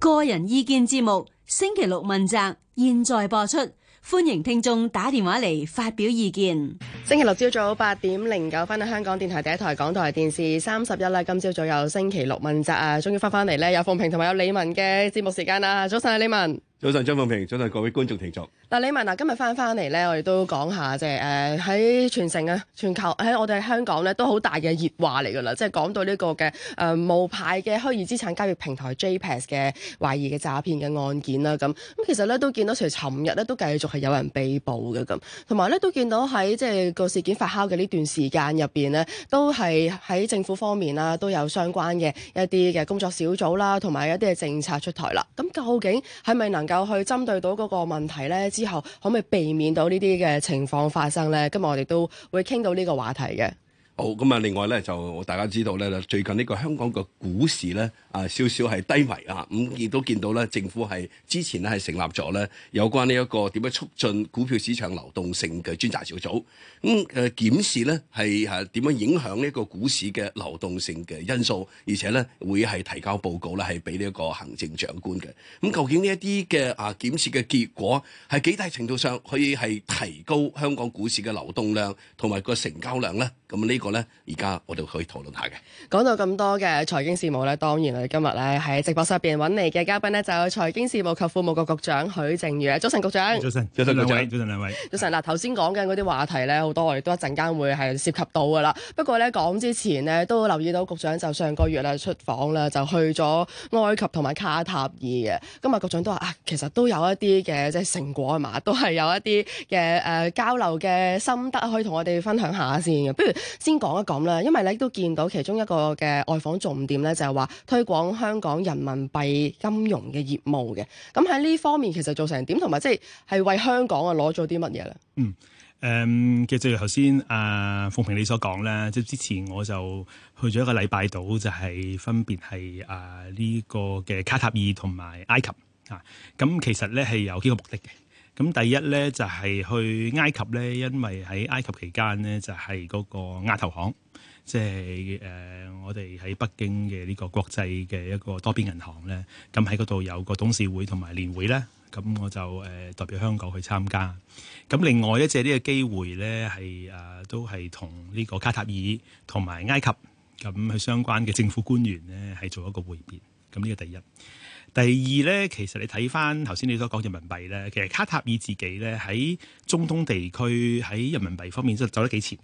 個人意見節目星期六問責，現在播出，歡迎聽眾打電話嚟發表意見。星期六朝早八點零九分，香港電台第一台港台電視三十一啦。今朝早有星期六問責啊，終於翻翻嚟咧，有鳳平同埋有李文嘅節目時間啦。早晨啊，李文。早晨，張鳳平，早晨各位觀眾聽眾。嗱，李文。嗱，今日翻翻嚟咧，我哋都講下即係誒喺全城啊、全球喺我哋香港咧都好大嘅熱話嚟噶啦，即係講到呢個嘅誒無牌嘅虛擬資產交易平台 JPEX 嘅懷疑嘅詐騙嘅案件啦，咁咁其實咧都見到，其實尋日咧都繼續係有人被捕嘅咁，同埋咧都見到喺即係個事件發酵嘅呢段時間入邊呢，都係喺政府方面啦，都有相關嘅一啲嘅工作小組啦，同埋一啲嘅政策出台啦。咁究竟係咪能？有去針對到嗰個問題咧，之後可唔可以避免到呢啲嘅情況發生咧？今日我哋都會傾到呢個話題嘅。好咁啊！另外咧，就大家知道咧，最近呢個香港嘅股市咧啊，少少係低迷啊。咁、嗯、亦都見到咧，政府係之前咧係成立咗咧有關呢一個點樣促進股票市場流動性嘅專責小組，咁誒檢視咧係誒點樣影響呢個股市嘅流動性嘅因素，而且咧會係提交報告咧係俾呢一個行政長官嘅。咁、嗯、究竟呢一啲嘅啊檢視嘅結果係幾大程度上可以係提高香港股市嘅流動量同埋個成交量咧？咁呢、呢個。而家我哋可以討論下嘅。講到咁多嘅財經事務咧，當然啦，今日咧喺直播室入邊揾嚟嘅嘉賓呢，就有財經事務及庫務局局,局長許正宇啊。早晨，局長。早晨，早晨兩位。早晨兩位。早晨安嗱，頭先講緊嗰啲話題咧，好多我哋都一陣間會係涉及到噶啦。不過咧講之前呢，都留意到局長就上個月啦出訪啦，就去咗埃及同埋卡塔爾嘅。今日局長都話啊，其實都有一啲嘅即係成果啊嘛，都係有一啲嘅誒交流嘅心得可以同我哋分享下先嘅。不如先。講一講啦，因為你都見到其中一個嘅外訪重點咧，就係話推廣香港人民幣金融嘅業務嘅。咁喺呢方面，其實做成點，同埋即係係為香港啊攞咗啲乜嘢咧？嗯，誒，其實正如頭先啊，鳳平你所講咧，即係之前我就去咗一個禮拜度，就係、是、分別係啊呢個嘅卡塔爾同埋埃及啊。咁其實咧係有幾個目的嘅。咁第一咧就係、是、去埃及咧，因為喺埃及期間呢，就係嗰個亞投行，即係誒我哋喺北京嘅呢個國際嘅一個多邊銀行咧，咁喺嗰度有個董事會同埋年會咧，咁我就誒、呃、代表香港去參加。咁另外一隻呢個機會咧係誒都係同呢個卡塔爾同埋埃及咁去相關嘅政府官員呢，係做一個會面。咁呢個第一。第二咧，其實你睇翻頭先你所講人民幣咧，其實卡塔爾自己咧喺中東地區喺人民幣方面都走得幾前。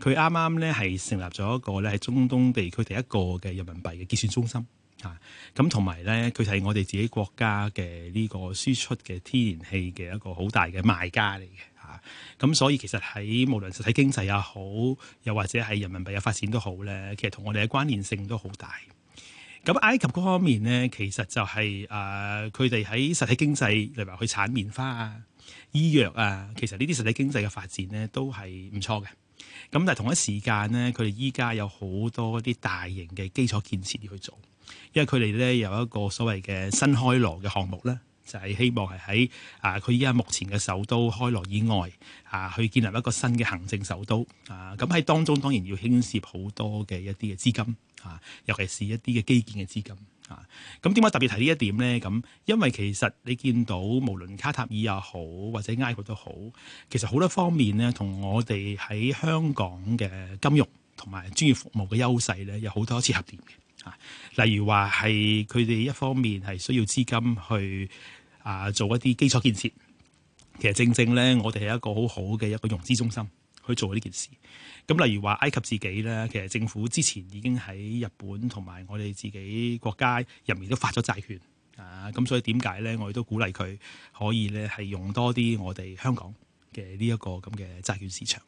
佢啱啱咧係成立咗一個咧喺中東地區第一個嘅人民幣嘅結算中心嚇。咁同埋咧，佢係我哋自己國家嘅呢個輸出嘅天然氣嘅一個好大嘅賣家嚟嘅嚇。咁、啊啊、所以其實喺無論實體經濟也好，又或者係人民幣嘅發展都好咧，其實同我哋嘅關聯性都好大。咁埃及嗰方面咧，其實就係誒佢哋喺實體經濟，例如去產棉花啊、醫藥啊，其實呢啲實體經濟嘅發展咧都係唔錯嘅。咁但係同一時間咧，佢哋依家有好多啲大型嘅基礎建設要去做，因為佢哋咧有一個所謂嘅新開羅嘅項目咧。就係希望係喺啊，佢依家目前嘅首都開羅以外啊，去建立一個新嘅行政首都啊。咁喺當中當然要牽涉好多嘅一啲嘅資金啊，尤其是一啲嘅基建嘅資金啊。咁點解特別提呢一點呢？咁、啊、因為其實你見到無論卡塔爾又好或者埃及都好，其實好多方面呢，同我哋喺香港嘅金融同埋專業服務嘅優勢呢，有好多契合點嘅啊。例如話係佢哋一方面係需要資金去。啊！做一啲基礎建設，其實正正咧，我哋係一個好好嘅一個融資中心去做呢件事。咁、啊、例如話，埃及自己咧，其實政府之前已經喺日本同埋我哋自己國家入面都發咗債券啊。咁所以點解咧，我亦都鼓勵佢可以咧係用多啲我哋香港嘅呢一個咁嘅債券市場。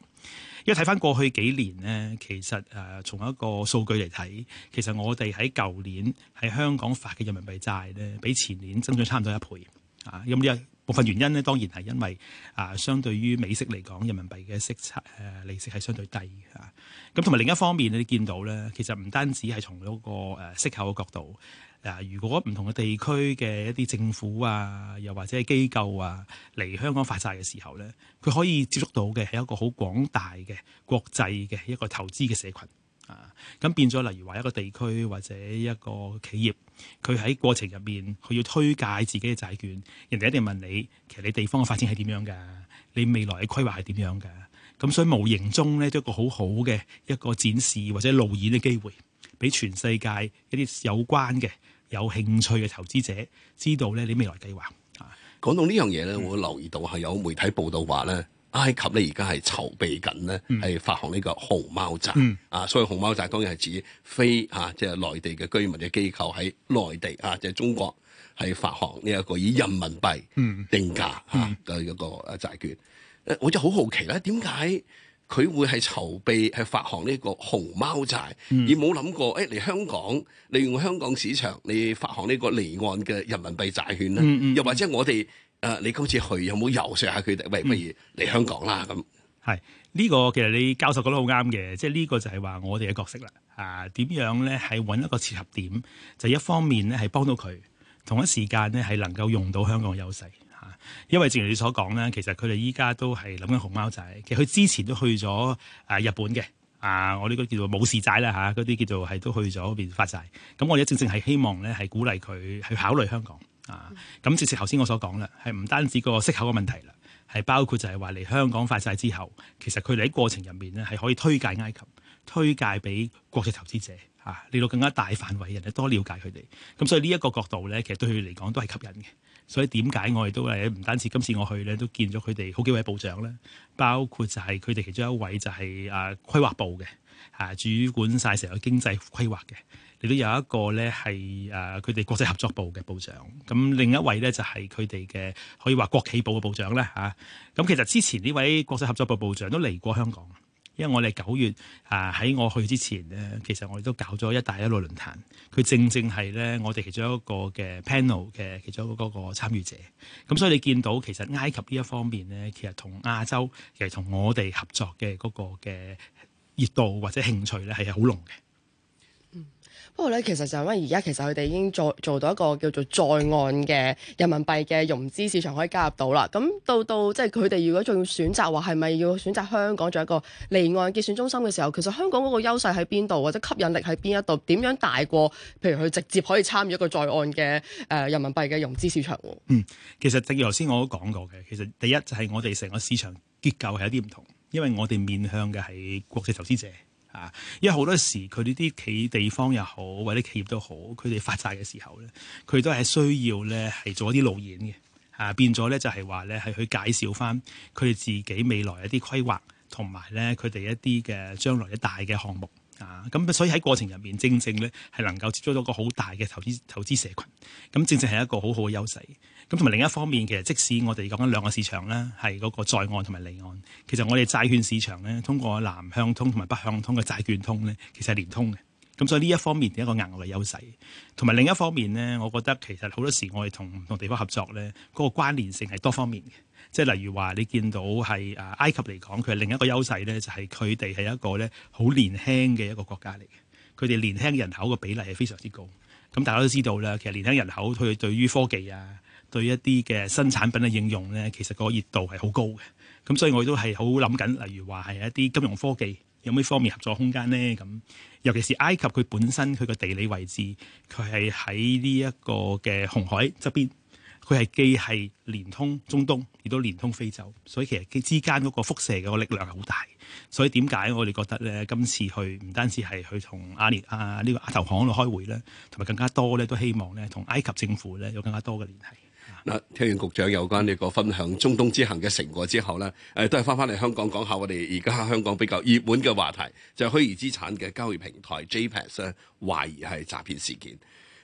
因為睇翻過去幾年咧，其實誒、啊、從一個數據嚟睇，其實我哋喺舊年喺香港發嘅人民幣債咧，比前年增長差唔多一倍。啊，咁呢一部分原因呢？當然係因為啊，相對於美息嚟講，人民幣嘅息差利息係相對低啊。咁同埋另一方面，你見到咧，其實唔單止係從嗰個、啊、息口嘅角度，啊，如果唔同嘅地區嘅一啲政府啊，又或者係機構啊，嚟香港發債嘅時候咧，佢可以接觸到嘅係一個好廣大嘅國際嘅一個投資嘅社群啊。咁、啊、變咗，例如話一個地區或者一個企業。佢喺過程入面，佢要推介自己嘅債券，人哋一定問你，其實你地方嘅發展係點樣㗎？你未來嘅規劃係點樣㗎？咁所以無形中咧，都一個好好嘅一個展示或者路演嘅機會，俾全世界一啲有關嘅、有興趣嘅投資者知道咧，你未來計劃。講到呢樣嘢咧，我留意到係有媒體報道話咧，嗯埃及咧而家係籌備緊咧，係發行呢個熊貓債啊，所以熊貓債當然係指非啊，即係內地嘅居民嘅機構喺內地啊，即、就、係、是、中國，係發行呢一個以人民幣定價、嗯、啊嘅一個債券。嗯、我就好好奇咧，點解佢會係籌備係發行呢、這個熊貓債，而冇諗過誒嚟、哎、香港，利用香港市場，你發行呢個離岸嘅人民幣債券咧、啊？又或者我哋？誒，你今次去有冇游說下佢哋？喂，不如嚟香港啦咁。係呢個其實你教授講得好啱嘅，即係呢個就係話我哋嘅角色啦。啊，點樣咧係搵一個切合點？就是、一方面咧係幫到佢，同一時間咧係能夠用到香港嘅優勢吓。因為正如你所講啦，其實佢哋依家都係諗緊熊貓仔。其實佢之前都去咗誒、啊、日本嘅。啊，我呢個叫做武士仔啦吓，嗰、啊、啲叫做係都去咗邊發債。咁我哋正正係希望咧係鼓勵佢去考慮香港。嗯、啊，咁即係頭先我所講啦，係唔單止個息口嘅問題啦，係包括就係話嚟香港發債之後，其實佢哋喺過程入面呢，係可以推介埃及，推介俾國際投資者嚇，令、啊、到更加大範圍人哋多了解佢哋。咁、啊、所以呢一個角度呢，其實對佢嚟講都係吸引嘅。所以點解我哋都係唔單止今次我去呢，都見咗佢哋好幾位部長呢，包括就係佢哋其中一位就係、是、啊、規劃部嘅啊，主管晒成個經濟規劃嘅。亦都有一個咧係誒佢哋國際合作部嘅部長，咁另一位咧就係佢哋嘅可以話國企部嘅部長咧嚇。咁、啊、其實之前呢位國際合作部部長都嚟過香港，因為我哋九月啊喺我去之前咧，其實我哋都搞咗一帶一路論壇，佢正正係咧我哋其中一個嘅 panel 嘅其中一個參與者。咁所以你見到其實埃及呢一方面咧，其實同亞洲，其實同我哋合作嘅嗰個嘅熱度或者興趣咧係好濃嘅。不過咧，其實就係因為而家其實佢哋已經做做到一個叫做在岸嘅人民幣嘅融資市場可以加入到啦。咁到到即係佢哋如果仲要選擇話係咪要選擇香港做一個離岸結算中心嘅時候，其實香港嗰個優勢喺邊度或者吸引力喺邊一度，點樣大過譬如佢直接可以參與一個在岸嘅誒、呃、人民幣嘅融資市場？嗯，其實正如頭先我都講過嘅，其實第一就係、是、我哋成個市場結構係有啲唔同，因為我哋面向嘅係國際投資者。啊，因為好多時佢呢啲企地方又好，或者企業都好，佢哋發債嘅時候咧，佢都係需要咧係做一啲路演嘅，啊變咗咧就係話咧係去介紹翻佢哋自己未來一啲規劃，同埋咧佢哋一啲嘅將來一大嘅項目，啊咁所以喺過程入面正正咧係能夠接觸到一個好大嘅投資投資社群，咁正正係一個好好嘅優勢。咁同埋另一方面，其實即使我哋講緊兩個市場咧，係嗰個在岸同埋離岸，其實我哋債券市場咧，通過南向通同埋北向通嘅債券通咧，其實係連通嘅。咁所以呢一方面係一個額外嘅優勢。同埋另一方面咧，我覺得其實好多時我哋同唔同地方合作咧，嗰個關聯性係多方面嘅。即係例如話，你見到係啊埃及嚟講，佢係另一個優勢咧就係佢哋係一個咧好年輕嘅一個國家嚟嘅。佢哋年輕人口嘅比例係非常之高。咁大家都知道啦，其實年輕人口佢對於科技啊～對一啲嘅新產品嘅應用咧，其實個熱度係好高嘅。咁所以我亦都係好諗緊，例如話係一啲金融科技有咩方面合作空間呢？咁尤其是埃及佢本身佢個地理位置，佢係喺呢一個嘅紅海側邊，佢係既係連通中東，亦都連通非洲。所以其實佢之間嗰個輻射嘅力量係好大。所以點解我哋覺得咧，今次去唔單止係去同阿尼、啊這個、啊呢個亞投行度開會啦，同埋更加多咧都希望咧同埃及政府咧有更加多嘅聯繫。嗱，聽完局長有關呢個分享中東之行嘅成果之後咧，誒，都係翻翻嚟香港講下我哋而家香港比較熱門嘅話題，就係虛擬資產嘅交易平台 JPEX 咧，懷疑係詐騙事件。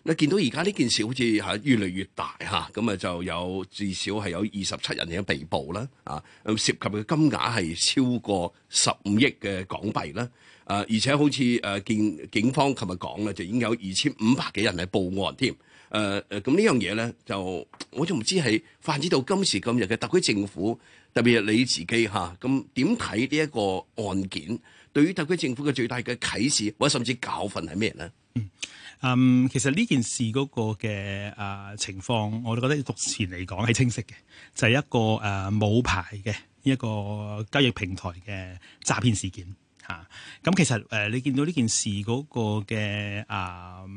嗱，見到而家呢件事好似吓越嚟越大吓，咁啊就有至少係有二十七人已經被捕啦，啊，咁涉及嘅金額係超過十五億嘅港幣啦，啊，而且好似誒見警方琴日講咧，就已經有二千五百幾人係報案添。誒誒，咁呢樣嘢咧，就我就唔知係泛指到今時今日嘅特區政府，特別係你自己吓，咁點睇呢一個案件？對於特區政府嘅最大嘅啟示或者甚至教訓係咩咧？嗯，嗯，其實呢件事嗰個嘅誒、呃、情況，我哋覺得目前嚟講係清晰嘅，就係、是、一個誒冇、呃、牌嘅一個交易平台嘅詐騙事件吓。咁、啊嗯、其實誒、呃呃就是呃啊嗯呃，你見到呢件事嗰個嘅誒。呃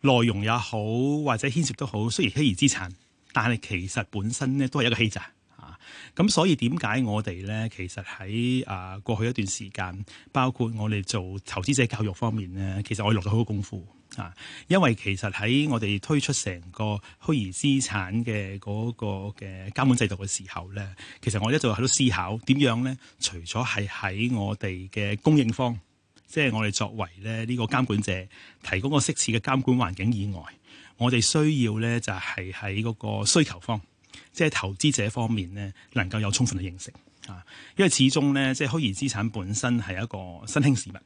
內容也好，或者牽涉都好，雖然虛擬資產，但係其實本身呢都係一個欺詐啊。咁、啊、所以點解我哋呢？其實喺啊過去一段時間，包括我哋做投資者教育方面呢，其實我哋落咗好多功夫啊。因為其實喺我哋推出成個虛擬資產嘅嗰個嘅監管制度嘅時候呢，其實我一直喺度思考點樣呢？除咗係喺我哋嘅供應方。即係我哋作為咧呢、這個監管者提供個適切嘅監管環境以外，我哋需要咧就係喺嗰個需求方，即係投資者方面咧能夠有充分嘅認識啊！因為始終咧，即係虛擬資產本身係一個新興事物，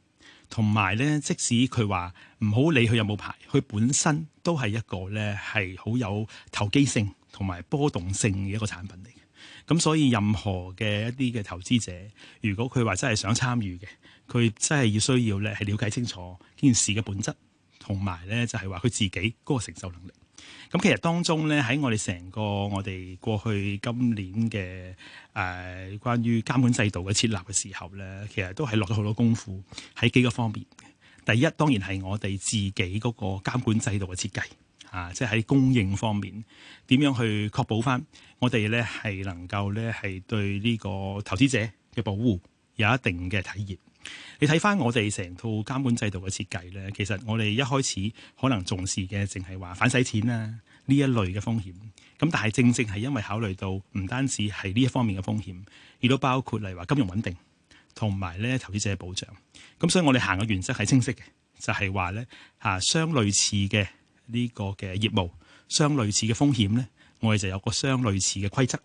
同埋咧，即使佢話唔好理佢有冇牌，佢本身都係一個咧係好有投機性同埋波動性嘅一個產品嚟嘅。咁、啊、所以任何嘅一啲嘅投資者，如果佢話真係想參與嘅，佢真係要需要咧，係了解清楚呢件事嘅本質，同埋咧就係話佢自己嗰個承受能力。咁其實當中咧喺我哋成個我哋過去今年嘅誒、呃、關於監管制度嘅設立嘅時候咧，其實都係落咗好多功夫喺幾個方面。第一當然係我哋自己嗰個監管制度嘅設計啊，即係喺供應方面點樣去確保翻我哋咧係能夠咧係對呢個投資者嘅保護有一定嘅體現。你睇翻我哋成套監管制度嘅設計咧，其實我哋一開始可能重視嘅，淨係話反洗錢啦、啊、呢一類嘅風險。咁但係正正係因為考慮到唔單止係呢一方面嘅風險，亦都包括例如話金融穩定同埋咧投資者保障。咁所以我哋行嘅原則係清晰嘅，就係話咧吓相類似嘅呢個嘅業務，相類似嘅風險咧，我哋就有個相類似嘅規則，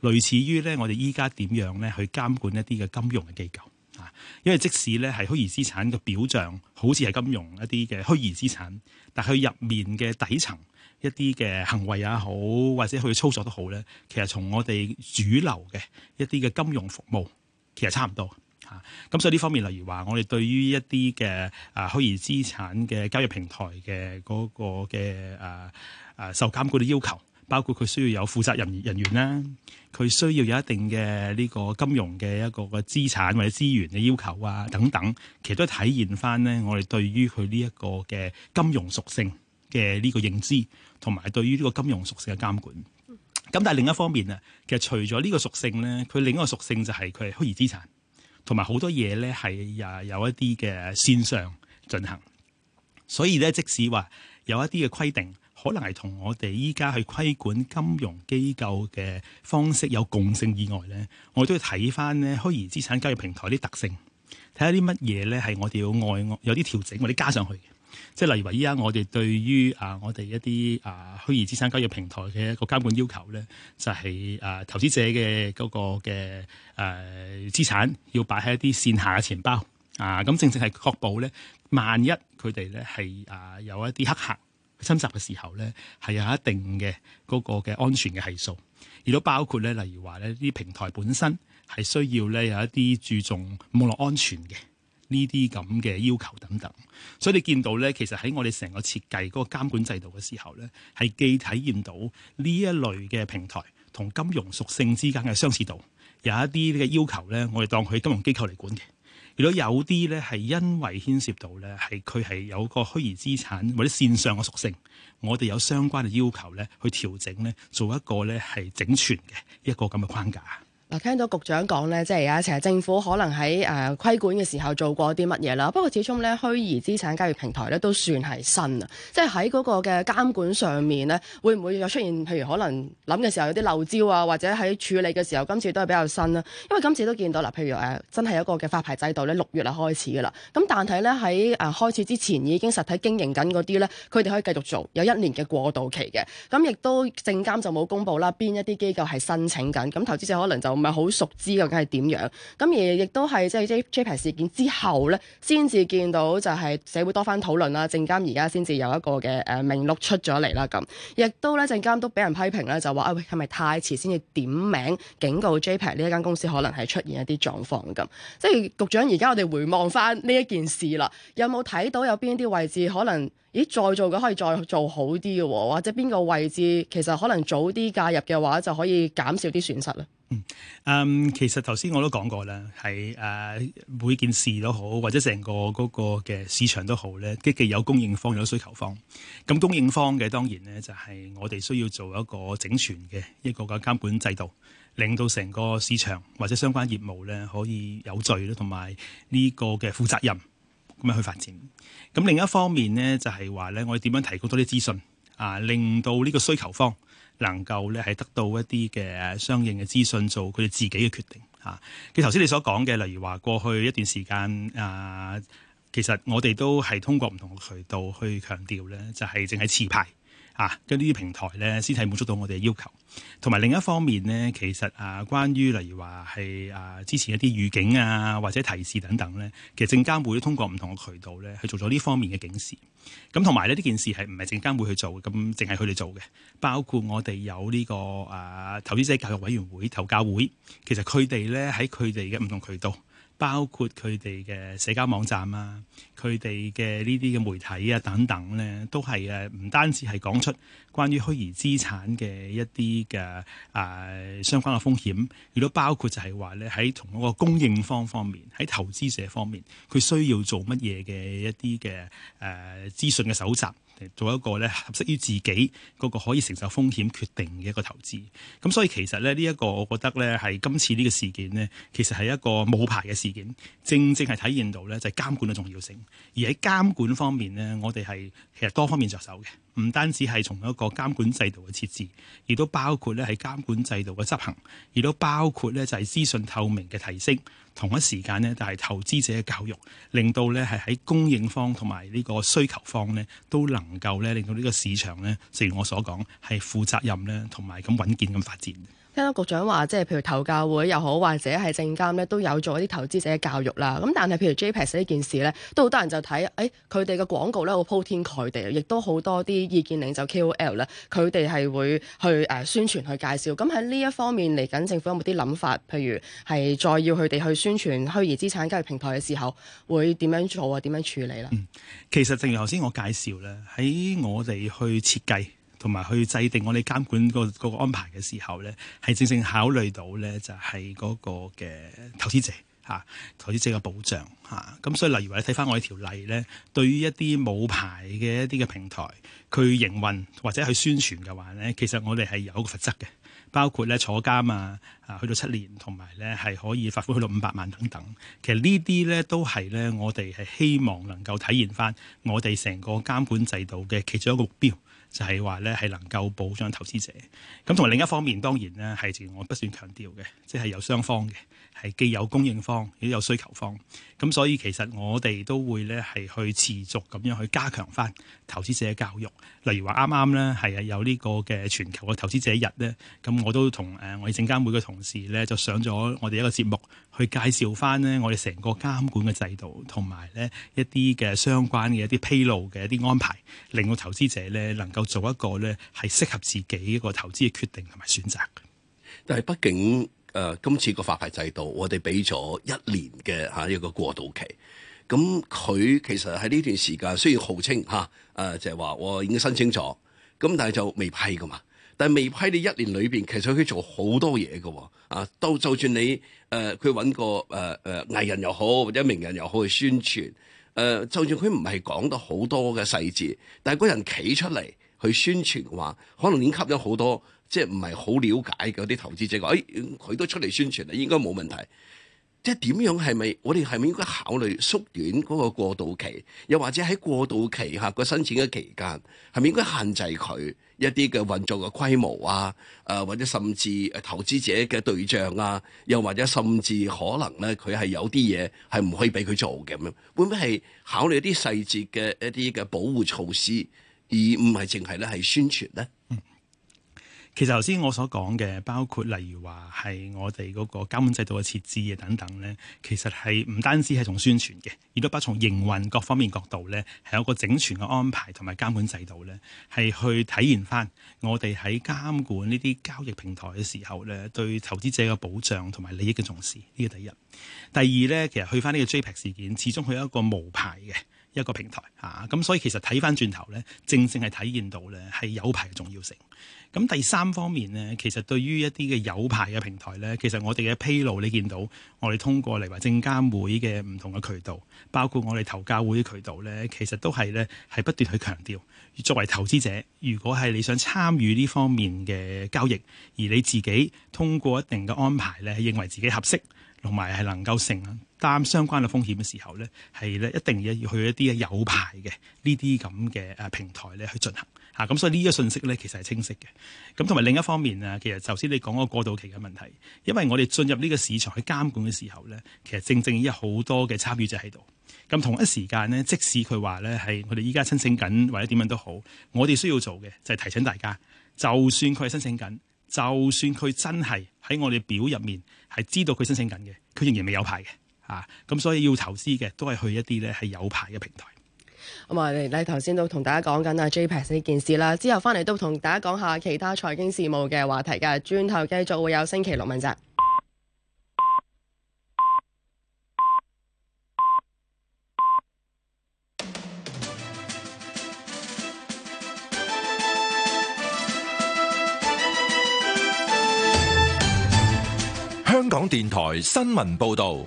類似於咧我哋依家點樣咧去監管一啲嘅金融嘅機構。因為即使咧係虛擬資產嘅表象，好似係金融一啲嘅虛擬資產，但佢入面嘅底層一啲嘅行為也好，或者佢操作都好咧，其實同我哋主流嘅一啲嘅金融服務，其實差唔多嚇。咁、啊、所以呢方面，例如話我哋對於一啲嘅啊虛擬資產嘅交易平台嘅嗰、那個嘅啊啊受監管嘅要求，包括佢需要有負責人人員啦。佢需要有一定嘅呢個金融嘅一個嘅資產或者資源嘅要求啊等等，其實都體現翻咧我哋對於佢呢一個嘅金融屬性嘅呢個認知，同埋對於呢個金融屬性嘅監管。咁但係另一方面啊，其實除咗呢個屬性咧，佢另一個屬性就係佢係虛擬資產，同埋好多嘢咧係啊有一啲嘅線上進行，所以咧即使話有一啲嘅規定。可能係同我哋依家去規管金融機構嘅方式有共性以外咧，我都要睇翻咧虛擬資產交易平台啲特性，睇下啲乜嘢咧係我哋要額外有啲調整，或者加上去嘅。即係例如話依家我哋對於啊我哋一啲啊虛擬資產交易平台嘅一個監管要求咧，就係、誒、啊投資者嘅嗰個嘅誒資產要擺喺一啲線下嘅錢包啊，咁正正係確保咧，萬一佢哋咧係啊有一啲黑客。侵襲嘅時候咧，係有一定嘅嗰個嘅安全嘅係數，亦都包括咧，例如話咧，啲平台本身係需要咧有一啲注重網絡安全嘅呢啲咁嘅要求等等。所以你見到咧，其實喺我哋成個設計嗰個監管制度嘅時候咧，係既體現到呢一類嘅平台同金融屬性之間嘅相似度，有一啲嘅要求咧，我哋當佢金融機構嚟管嘅。如果有啲咧係因為牽涉到咧，係佢係有個虛擬資產或者線上嘅屬性，我哋有相關嘅要求咧，去調整咧，做一個咧係整全嘅一個咁嘅框架。聽到局長講咧，即係而家其實政府可能喺誒、呃、規管嘅時候做過啲乜嘢啦。不過始終咧，虛擬資產交易平台咧都算係新啊，即係喺嗰個嘅監管上面咧，會唔會有出現譬如可能諗嘅時候有啲漏招啊，或者喺處理嘅時候今次都係比較新啦。因為今次都見到啦，譬如誒、啊、真係有一個嘅發牌制度咧，六月啊開始噶啦。咁但係咧喺誒開始之前已經實體經營緊嗰啲咧，佢哋可以繼續做，有一年嘅過渡期嘅。咁亦都證監就冇公布啦，邊一啲機構係申請緊。咁投資者可能就～唔係好熟知究竟係點樣，咁而亦都係即係 JPEX 事件之後咧，先至見到就係社會多番討論啦。證監而家先至有一個嘅誒、呃、名錄出咗嚟啦，咁亦都咧，證監都俾人批評咧，就話啊，係咪太遲先至點名警告 JPEX 呢一間公司，可能係出現一啲狀況咁。即係局長，而家我哋回望翻呢一件事啦，有冇睇到有邊啲位置可能咦再做嘅可以再做好啲嘅，哦，或者邊個位置其實可能早啲介入嘅話就可以減少啲損失咧？嗯，其實頭先我都講過啦，係誒、呃、每件事都好，或者成個嗰個嘅市場都好咧，既既有供應方又有需求方。咁供應方嘅當然咧，就係、是、我哋需要做一個整全嘅一個嘅監管制度，令到成個市場或者相關業務咧可以有序咯，同埋呢個嘅負責任咁樣去發展。咁另一方面咧，就係話咧，我哋點樣提供多啲資訊啊，令到呢個需求方。能夠咧係得到一啲嘅相應嘅資訊，做佢哋自己嘅決定嚇。佢頭先你所講嘅，例如話過去一段時間啊，其實我哋都係通過唔同嘅渠道去強調咧，就係淨係持牌。啊，跟呢啲平台咧，先係滿足到我哋嘅要求。同埋另一方面咧，其實啊，關於例如話係啊，之前一啲預警啊，或者提示等等咧，其實證監會都通過唔同嘅渠道咧，去做咗呢方面嘅警示。咁同埋咧，呢件事係唔係證監會去做嘅？咁淨係佢哋做嘅。包括我哋有呢個啊投資者教育委員會投教會，其實佢哋咧喺佢哋嘅唔同渠道。包括佢哋嘅社交網站啊，佢哋嘅呢啲嘅媒體啊等等咧，都係誒唔單止係講出關於虛擬資產嘅一啲嘅誒相關嘅風險，亦都包括就係話咧喺同一個供應方方面，喺投資者方面，佢需要做乜嘢嘅一啲嘅誒資訊嘅搜集。做一個咧合適於自己嗰個可以承受風險決定嘅一個投資，咁所以其實咧呢一、這個我覺得咧係今次呢個事件呢，其實係一個冇牌嘅事件，正正係體現到咧就係、是、監管嘅重要性，而喺監管方面呢，我哋係其實多方面着手嘅。唔單止係從一個監管制度嘅設置，亦都包括咧係監管制度嘅執行，亦都包括咧就係資訊透明嘅提升。同一時間咧，就係投資者嘅教育，令到咧係喺供應方同埋呢個需求方咧，都能夠咧令到呢個市場咧，正如我所講，係負責任咧，同埋咁穩健咁發展。聽到局長話，即係譬如投教會又好，或者係證監咧，都有做一啲投資者嘅教育啦。咁但係，譬如 JPEX 呢件事咧，都好多人就睇，誒佢哋嘅廣告咧好鋪天蓋地，亦都好多啲意見領袖 KOL 咧，佢哋係會去誒宣傳去介紹。咁喺呢一方面嚟緊，政府有冇啲諗法？譬如係再要佢哋去宣傳虛擬資產交易平台嘅時候，會點樣做啊？點樣處理啦？嗯，其實正如頭先我介紹啦，喺我哋去設計，同埋去制定我哋監管個個安排嘅時候咧，係正正考慮到咧，就係嗰個嘅投資者吓投資者嘅保障吓，咁、啊、所以，例如話，你睇翻我哋條例咧，對於一啲冇牌嘅一啲嘅平台，佢去營運或者去宣傳嘅話咧，其實我哋係有一個罰則嘅，包括咧坐監啊，啊去到七年，同埋咧係可以罰款去到五百萬等等。其實呢啲咧都係咧，我哋係希望能夠體現翻我哋成個監管制度嘅其中一個目標。就係話咧，係能夠保障投資者。咁同埋另一方面，當然咧，係我不斷強調嘅，即係有雙方嘅。係既有供應方，亦都有需求方，咁所以其實我哋都會咧，係去持續咁樣去加強翻投資者嘅教育。例如話啱啱咧係有呢個嘅全球嘅投資者日咧，咁我都同誒我哋證監會嘅同事咧就上咗我哋一個節目，去介紹翻呢，我哋成個監管嘅制度，同埋咧一啲嘅相關嘅一啲披露嘅一啲安排，令到投資者咧能夠做一個咧係適合自己一個投資嘅決定同埋選擇。但係畢竟。誒、呃，今次個發牌制度，我哋俾咗一年嘅嚇一個過渡期。咁、啊、佢其實喺呢段時間，雖然號稱嚇誒、啊呃，就係、是、話我已經申請咗，咁但係就未批噶嘛。但係未批，你一年裏邊其實佢做好多嘢噶、啊。啊，到就算你誒，佢、呃、揾個誒誒、呃、藝人又好或者名人又好去宣傳，誒、呃，就算佢唔係講得好多嘅細節，但係嗰人企出嚟去宣傳嘅話，可能已經吸咗好多。即係唔係好了解嗰啲投資者，誒、哎，佢都出嚟宣傳，應該冇問題。即係點樣係咪？是是我哋係咪應該考慮縮短嗰個過渡期？又或者喺過渡期吓個申請嘅期間，係咪應該限制佢一啲嘅運作嘅規模啊？誒、呃，或者甚至投資者嘅對象啊？又或者甚至可能咧，佢係有啲嘢係唔可以俾佢做嘅咁樣，會唔會係考慮一啲細節嘅一啲嘅保護措施，而唔係淨係咧係宣傳咧？嗯其實頭先我所講嘅，包括例如話係我哋嗰個監管制度嘅設置啊等等呢，其實係唔單止係從宣傳嘅，亦都不從營運各方面角度呢，係有個整全嘅安排同埋監管制度呢，係去體現翻我哋喺監管呢啲交易平台嘅時候呢，對投資者嘅保障同埋利益嘅重視。呢個第一。第二呢，其實去翻呢個 JPEX 事件，始終佢有一個無牌嘅一個平台啊，咁所以其實睇翻轉頭呢，正正係體現到呢，係有牌嘅重要性。咁第三方面呢，其實對於一啲嘅有牌嘅平台呢，其實我哋嘅披露你見到，我哋通過嚟，話證監會嘅唔同嘅渠道，包括我哋投教會嘅渠道呢，其實都係呢，係不斷去強調，作為投資者，如果係你想參與呢方面嘅交易，而你自己通過一定嘅安排呢，認為自己合適，同埋係能夠承擔相關嘅風險嘅時候呢，係呢一定要去一啲有牌嘅呢啲咁嘅誒平台呢去進行。吓咁、啊、所以個訊呢個信息咧，其實係清晰嘅，咁同埋另一方面啊，其實頭先你講嗰個過渡期嘅問題，因為我哋進入呢個市場去監管嘅時候咧，其實正正已經有好多嘅參與者喺度。咁、啊、同一時間咧，即使佢話咧係我哋依家申請緊或者點樣都好，我哋需要做嘅就係提醒大家，就算佢係申請緊，就算佢真係喺我哋表入面係知道佢申請緊嘅，佢仍然未有牌嘅。吓、啊、咁、啊、所以要投資嘅都係去一啲咧係有牌嘅平台。咁我哋咧頭先都同大家講緊啊 JPEX 呢件事啦，之後翻嚟都同大家講下其他財經事務嘅話題嘅，轉頭繼續會有星期六問、問責。香港電台新聞報道。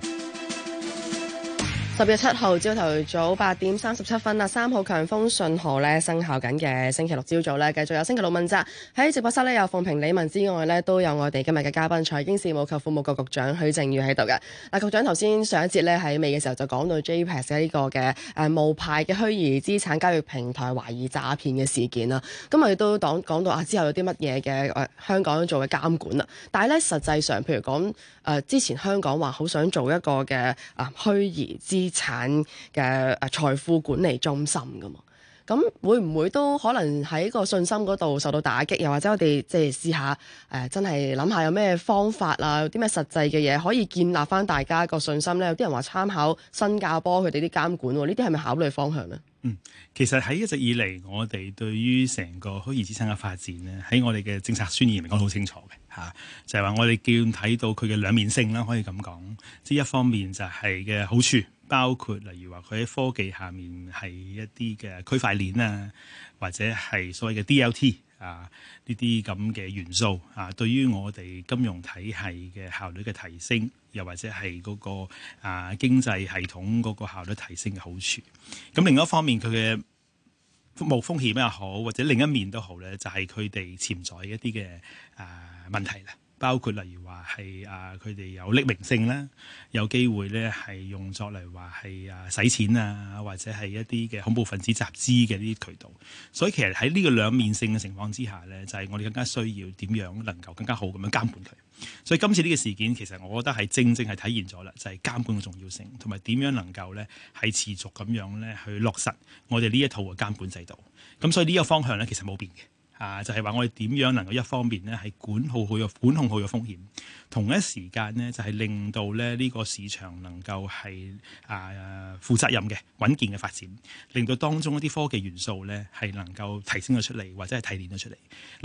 十月七號朝頭早八點三十七分啊，三號強風信號咧生效緊嘅星期六朝早咧，繼續有星期六問責，喺直播室咧，有奉平李文之外咧，都有我哋今日嘅嘉賓，財經事務及庫務局局長許正宇喺度嘅。嗱，局長頭先上一節咧喺尾嘅時候就講到 JPEX 呢個嘅誒無牌嘅虛擬資產交易平台懷疑詐騙嘅事件啦。咁我亦都講講到啊之後有啲乜嘢嘅誒香港做嘅監管啦。但係咧實際上，譬如講誒、呃、之前香港話好想做一個嘅啊虛擬資資產嘅財富管理中心噶嘛，咁會唔會都可能喺個信心嗰度受到打擊？又或者我哋即係試下誒、呃，真係諗下有咩方法啊，有啲咩實際嘅嘢，可以建立翻大家個信心咧？有啲人話參考新加坡佢哋啲監管、啊，呢啲係咪考慮方向呢？嗯，其實喺一直以嚟，我哋對於成個虛擬資產嘅發展呢，喺我哋嘅政策宣言嚟講好清楚嘅吓、啊，就係、是、話我哋叫睇到佢嘅兩面性啦，可以咁講，即、就、係、是、一方面就係嘅好處。包括例如話佢喺科技下面係一啲嘅區塊鏈啊，或者係所謂嘅 DLT 啊呢啲咁嘅元素啊，對於我哋金融體系嘅效率嘅提升，又或者係嗰個啊經濟系統嗰個效率提升嘅好處，咁另一方面，佢嘅服務風險又好，或者另一面都好咧，就係佢哋潛在一啲嘅誒問題啦。包括例如話係啊，佢哋有匿名性啦，有機會咧係用作嚟話係啊洗錢啊，或者係一啲嘅恐怖分子集資嘅呢啲渠道。所以其實喺呢個兩面性嘅情況之下咧，就係我哋更加需要點樣能夠更加好咁樣監管佢。所以今次呢個事件其實我覺得係正正係體現咗啦，就係監管嘅重要性，同埋點樣能夠咧係持續咁樣咧去落實我哋呢一套嘅監管制度。咁所以呢個方向咧其實冇變嘅。啊，就係話我哋點樣能夠一方面咧係管好佢嘅管控好嘅風險，同一時間呢就係令到咧呢個市場能夠係啊負責任嘅穩健嘅發展，令到當中一啲科技元素呢係能夠提升咗出嚟，或者係提煉咗出嚟。例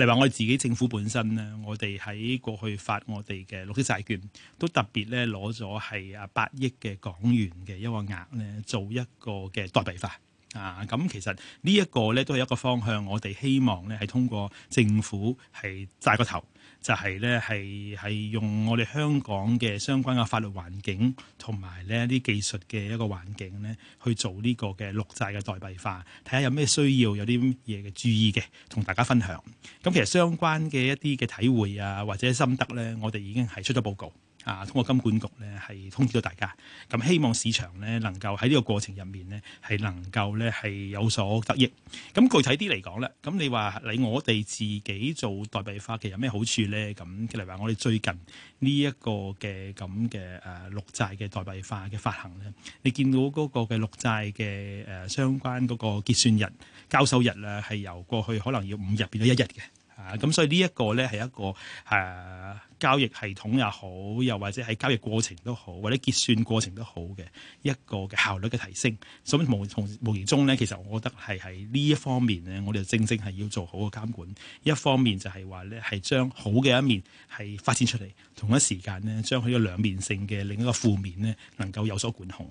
如話我哋自己政府本身呢，我哋喺過去發我哋嘅綠色債券，都特別咧攞咗係啊八億嘅港元嘅一個額呢，做一個嘅代幣化。啊！咁其實呢一個咧都係一個方向，我哋希望咧係通過政府係帶個頭，就係咧係係用我哋香港嘅相關嘅法律環境同埋咧啲技術嘅一個環境咧去做呢個嘅綠債嘅代幣化，睇下有咩需要，有啲嘢嘅注意嘅，同大家分享。咁其實相關嘅一啲嘅體會啊或者心得咧，我哋已經係出咗報告。啊！通過金管局咧，係通知到大家，咁希望市場咧能夠喺呢個過程入面咧，係能夠咧係有所得益。咁具體啲嚟講咧，咁你話你我哋自己做代幣化，其實有咩好處咧？咁譬如話，我哋最近呢一個嘅咁嘅誒綠債嘅代幣化嘅發行咧，你見到嗰個嘅綠債嘅誒相關嗰個結算日、交收日啊，係由過去可能要五日變咗一日嘅。啊，咁所以呢一個咧係一個誒交易系統又好，又或者喺交易過程都好，或者結算過程都好嘅一個嘅效率嘅提升，所以無形無意中咧，其實我覺得係喺呢一方面咧，我哋就正正係要做好個監管。一方面就係話咧，係將好嘅一面係發展出嚟，同一時間呢，將佢嘅兩面性嘅另一個負面呢，能夠有所管控。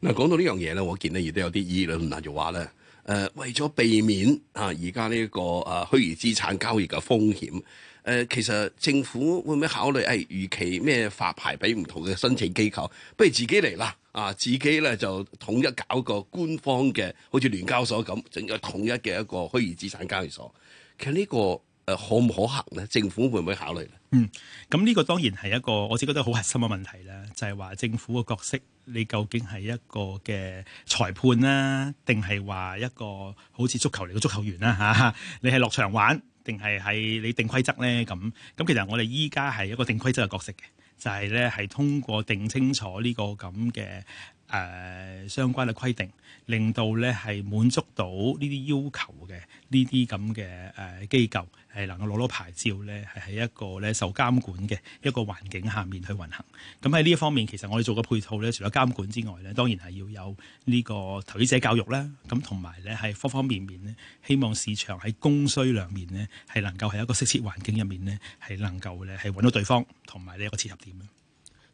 嗱，講到呢樣嘢咧，我見呢亦都有啲議論啊，就話咧。誒，為咗避免啊，而家呢個誒虛擬資產交易嘅風險，誒，其實政府會唔會考慮誒與其咩發牌俾唔同嘅申請機構，不如自己嚟啦，啊，自己咧就統一搞個官方嘅，好似聯交所咁，整咗統一嘅一個虛擬資產交易所，其實呢個誒可唔可行呢？政府會唔會考慮咧？嗯，咁呢個當然係一個我自己覺得好核心嘅問題咧，就係話政府嘅角色。你究竟係一個嘅裁判啦、啊，定係話一個好似足球嚟嘅足球員啦、啊、嚇？ 你係落場玩，定係係你定規則咧？咁咁其實我哋依家係一個定規則嘅角色嘅，就係咧係通過定清楚呢個咁嘅誒相關嘅規定，令到咧係滿足到呢啲要求嘅呢啲咁嘅誒機構。係能夠攞到牌照咧，係喺一個咧受監管嘅一個環境下面去運行。咁喺呢一方面，其實我哋做嘅配套咧，除咗監管之外咧，當然係要有呢個投資者教育啦。咁同埋咧，係方方面面咧，希望市場喺供需兩面咧，係能夠喺一個適切環境入面咧，係能夠咧係搵到對方同埋呢一個切合點。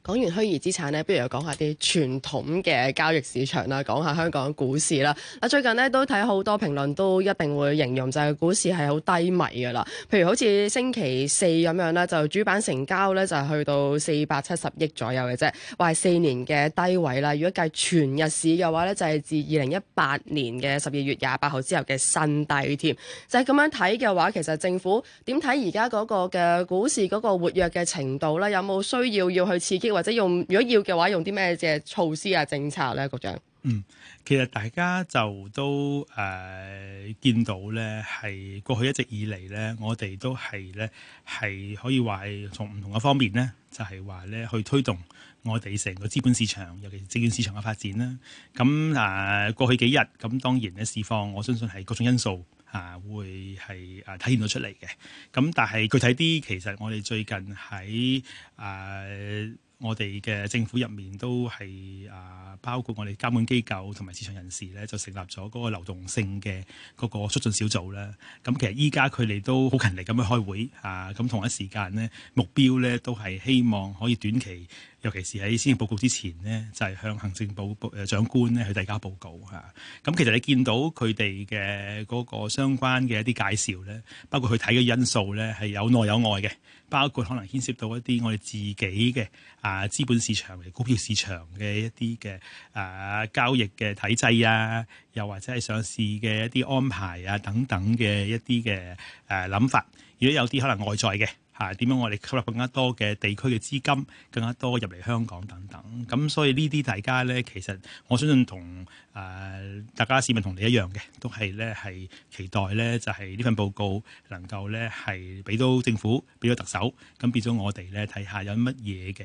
講完虛擬資產咧，不如又講下啲傳統嘅交易市場啦，講下香港股市啦。啊，最近呢，都睇好多評論都一定會形容就係股市係好低迷㗎啦。譬如好似星期四咁樣咧，就主板成交咧就係去到四百七十億左右嘅啫，話係四年嘅低位啦。如果計全日市嘅話咧，就係自二零一八年嘅十二月廿八號之後嘅新低添。就係咁樣睇嘅話，其實政府點睇而家嗰個嘅股市嗰個活躍嘅程度咧，有冇需要要去刺激？或者用如果要嘅話，用啲咩嘅措施啊、政策咧，局長。嗯，其實大家就都誒、呃、見到咧，係過去一直以嚟咧，我哋都係咧係可以話係從唔同嘅方面咧，就係話咧去推動我哋成個資本市場，尤其是證券市場嘅發展啦。咁啊、呃，過去幾日咁，當然咧，市況我相信係各種因素啊、呃，會係誒體現到出嚟嘅。咁但係具體啲，其實我哋最近喺誒。呃我哋嘅政府入面都係啊，包括我哋監管機構同埋市場人士咧，就成立咗嗰個流動性嘅嗰個促進小組啦。咁、啊、其實依家佢哋都好勤力咁去開會啊。咁同一時間呢目標咧都係希望可以短期，尤其是喺施政報告之前呢，就係、是、向行政部部、呃、長官呢去遞交報告吓。咁、啊啊、其實你見到佢哋嘅嗰個相關嘅一啲介紹咧，包括佢睇嘅因素咧，係有內有外嘅。包括可能牽涉到一啲我哋自己嘅啊資本市場、股票市場嘅一啲嘅誒交易嘅體制啊，又或者係上市嘅一啲安排啊等等嘅一啲嘅誒諗法，如果有啲可能外在嘅。係點樣？我哋吸納更加多嘅地區嘅資金，更加多入嚟香港等等。咁所以呢啲大家咧，其實我相信同誒、呃、大家市民同你一樣嘅，都係咧係期待咧，就係、是、呢份報告能夠咧係俾到政府，俾到特首，咁變咗我哋咧睇下有乜嘢嘅誒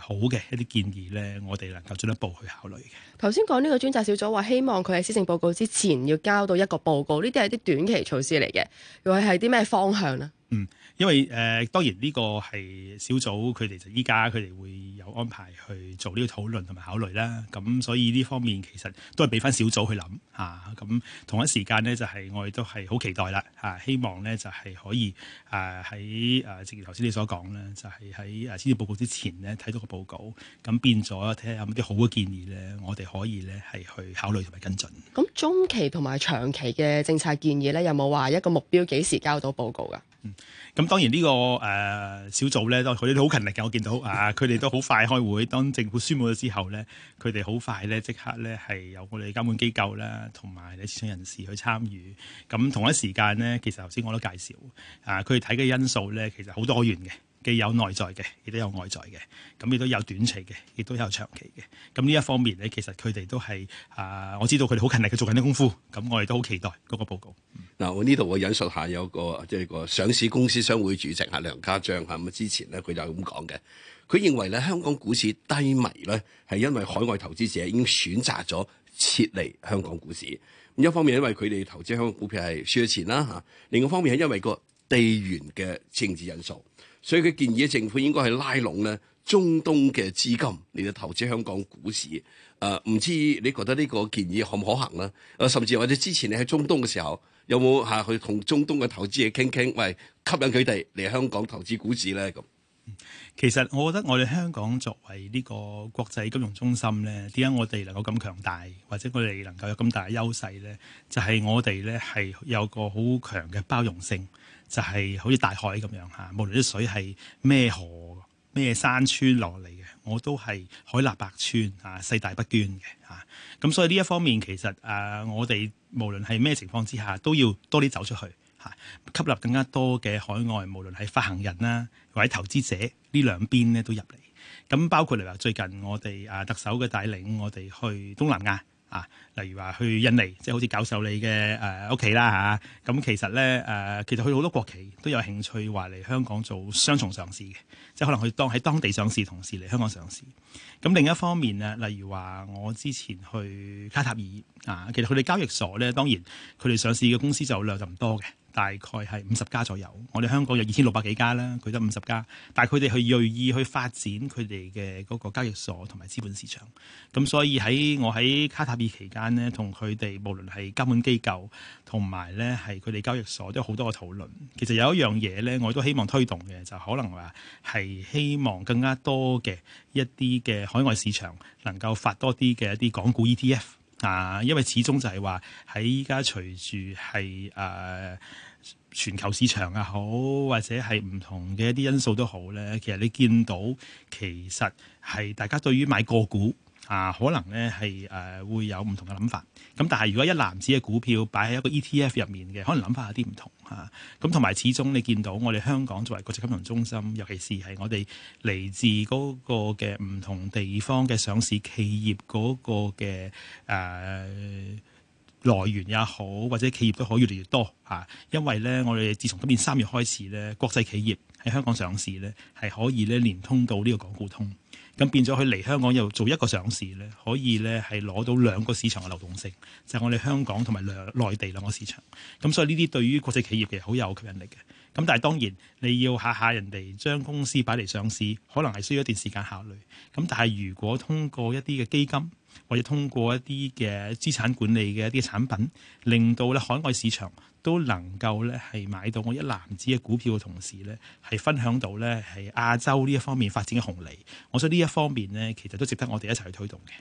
好嘅一啲建議咧，我哋能夠進一步去考慮嘅。頭先講呢個專責小組話希望佢喺施政報告之前要交到一個報告，呢啲係啲短期措施嚟嘅，又係啲咩方向呢？嗯，因為誒、呃、當然呢個係小組佢哋就依家佢哋會有安排去做呢個討論同埋考慮啦。咁所以呢方面其實都係俾翻小組去諗吓。咁、啊、同一時間呢，就係、是、我哋都係好期待啦吓、啊，希望呢就係、是、可以誒喺誒正如頭先你所講呢，就係喺誒施政報告之前呢睇到個報告，咁變咗睇下有冇啲好嘅建議呢。我哋。可以咧，係去考慮同埋跟進。咁中期同埋長期嘅政策建議咧，有冇話一個目標幾時交到報告噶？嗯，咁當然呢、呢個誒、呃、小組咧，都佢哋都好勤力嘅。我見到啊，佢哋都好快開會。 當政府宣佈咗之後咧，佢哋好快咧即刻咧係有我哋監管機構啦，同埋啲市場人士去參與。咁同一時間呢，其實頭先我都介紹啊，佢哋睇嘅因素咧，其實好多元嘅。既有內在嘅，亦都有外在嘅，咁亦都有短期嘅，亦都有長期嘅。咁呢一方面咧，其實佢哋都係啊、呃，我知道佢哋好勤力嘅做緊啲功夫，咁我哋都好期待嗰、這個報告。嗱、嗯，我呢度我引述下有個即係、就是、個上市公司商會主席啊梁家章嚇咁，之前咧佢就係咁講嘅。佢認為咧香港股市低迷咧係因為海外投資者已經選擇咗撤離香港股市。咁一方面因為佢哋投資香港股票係輸咗錢啦嚇，另一方面係因為個地緣嘅政治因素。所以佢建議政府應該係拉攏咧，中東嘅資金嚟到投資香港股市。誒、呃，唔知你覺得呢個建議可唔可行呢、呃？甚至或者之前你喺中東嘅時候，有冇嚇去同中東嘅投資者傾傾，喂，吸引佢哋嚟香港投資股市呢？咁，其實我覺得我哋香港作為呢個國際金融中心呢，點解我哋能夠咁強大，或者我哋能夠有咁大嘅優勢呢？就係、是、我哋呢係有個好強嘅包容性。就係好似大海咁樣嚇，無論啲水係咩河咩山川落嚟嘅，我都係海納百川嚇，細大不捐嘅嚇。咁、啊、所以呢一方面其實誒、啊，我哋無論係咩情況之下，都要多啲走出去嚇、啊，吸納更加多嘅海外，無論係發行人啦，或者投資者呢兩邊咧都入嚟。咁包括例如話最近我哋誒特首嘅帶領，我哋去東南亞。啊，例如話去印尼，即係好似教授你嘅誒屋企啦嚇。咁其實咧誒，其實去好、呃、多國企都有興趣話嚟香港做雙重上市嘅，即係可能去當喺當地上市，同時嚟香港上市。咁另一方面咧，例如話我之前去卡塔爾啊，其實佢哋交易所咧，當然佢哋上市嘅公司就量就唔多嘅。大概係五十家左右，我哋香港有二千六百幾家啦，佢得五十家，但係佢哋去銳意去發展佢哋嘅嗰個交易所同埋資本市場，咁所以喺我喺卡塔爾期間呢，同佢哋無論係監管機構同埋呢係佢哋交易所都有好多嘅討論。其實有一樣嘢呢，我都希望推動嘅就可能話係希望更加多嘅一啲嘅海外市場能夠發多啲嘅一啲港股 ETF 啊，因為始終就係話喺依家隨住係誒。啊全球市場啊，好或者係唔同嘅一啲因素都好咧。其實你見到其實係大家對於買個股啊，可能咧係誒會有唔同嘅諗法。咁但係如果一籃子嘅股票擺喺一個 ETF 入面嘅，可能諗法有啲唔同嚇。咁同埋始終你見到我哋香港作為國際金融中心，尤其是係我哋嚟自嗰個嘅唔同地方嘅上市企業嗰個嘅誒。呃來源也好，或者企業都可以越嚟越多嚇、啊，因為呢，我哋自從今年三月開始呢，國際企業喺香港上市呢係可以咧連通到呢個港股通，咁變咗佢嚟香港又做一個上市呢可以呢係攞到兩個市場嘅流動性，就係、是、我哋香港同埋兩內地兩個市場。咁所以呢啲對於國際企業其實好有吸引力嘅。咁但係當然你要下下人哋將公司擺嚟上市，可能係需要一段時間考慮。咁但係如果通過一啲嘅基金。或者通過一啲嘅資產管理嘅一啲產品，令到咧海外市場都能夠咧係買到我一籃子嘅股票嘅同時咧係分享到咧係亞洲呢一方面發展嘅紅利。我想呢一方面咧其實都值得我哋一齊去推動嘅。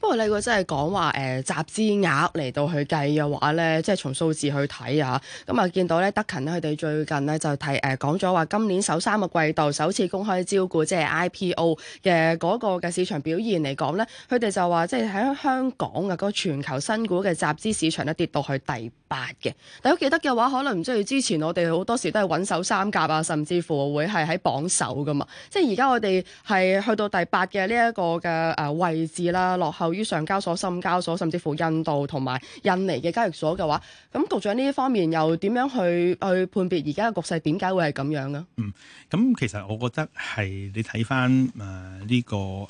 不過你如果真係講話誒集資額嚟到去計嘅話咧，即係從數字去睇啊，咁啊見到咧德勤咧佢哋最近呢就提誒講咗話，呃、說說今年首三個季度首次公開招股即係 IPO 嘅嗰個嘅市場表現嚟講咧，佢哋就話即係喺香港嘅嗰、那個、全球新股嘅集資市場咧跌到去第八嘅。但係我記得嘅話，可能即係之前我哋好多時都係揾手三甲啊，甚至乎會係喺榜首噶嘛。即係而家我哋係去到第八嘅呢一個嘅誒位置啦，落後。於上交所、深交所，甚至乎印度同埋印尼嘅交易所嘅話，咁局長呢一方面又點樣去去判別而家嘅局勢，點解會係咁樣呢？嗯，咁其實我覺得係你睇翻誒呢個誒、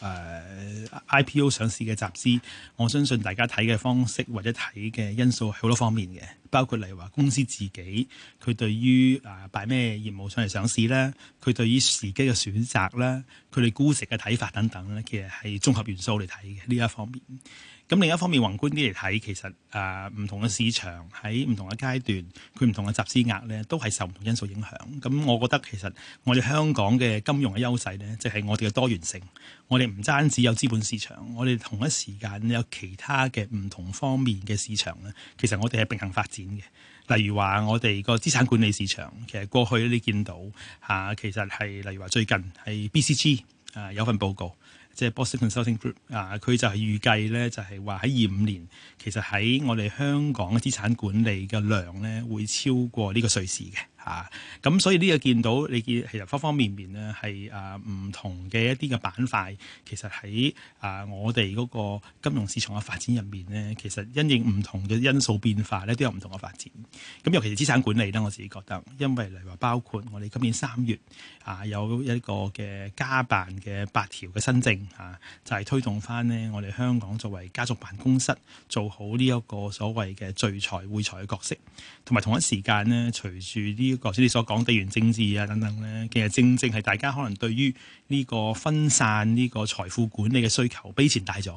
uh, IPO 上市嘅集資，我相信大家睇嘅方式或者睇嘅因素係好多方面嘅。包括例如話公司自己佢對於啊擺咩業務上嚟上市咧，佢對於時機嘅選擇咧，佢哋估值嘅睇法等等咧，其實係綜合元素嚟睇嘅呢一方面。咁另一方面，宏觀啲嚟睇，其實誒唔、啊、同嘅市場喺唔同嘅階段，佢唔同嘅集資額咧，都係受唔同因素影響。咁我覺得其實我哋香港嘅金融嘅優勢呢就係、是、我哋嘅多元性。我哋唔單止有資本市場，我哋同一時間有其他嘅唔同方面嘅市場呢，其實我哋係並行發展嘅。例如話，我哋個資產管理市場，其實過去你見到嚇、啊，其實係例如話最近係 BCG 啊有份報告。即係 Boston Consulting Group 啊，佢就係預計咧，就係話喺二五年，其實喺我哋香港嘅資產管理嘅量咧，會超過呢個瑞士嘅嚇。咁、啊、所以呢個見到，你見其實方方面面咧，係啊唔同嘅一啲嘅板塊，其實喺啊我哋嗰個金融市場嘅發展入面咧，其實因應唔同嘅因素變化咧，都有唔同嘅發展。咁、啊、尤其是資產管理咧，我自己覺得，因為嚟話包括我哋今年三月。啊，有一個嘅家辦嘅八條嘅新政啊，就係、是、推動翻咧，我哋香港作為家族辦公室，做好呢一個所謂嘅聚財匯財嘅角色，同埋同一時間咧，隨住呢個頭先你所講地緣政治啊等等咧，其實正正係大家可能對於呢個分散呢個財富管理嘅需求比以前大咗，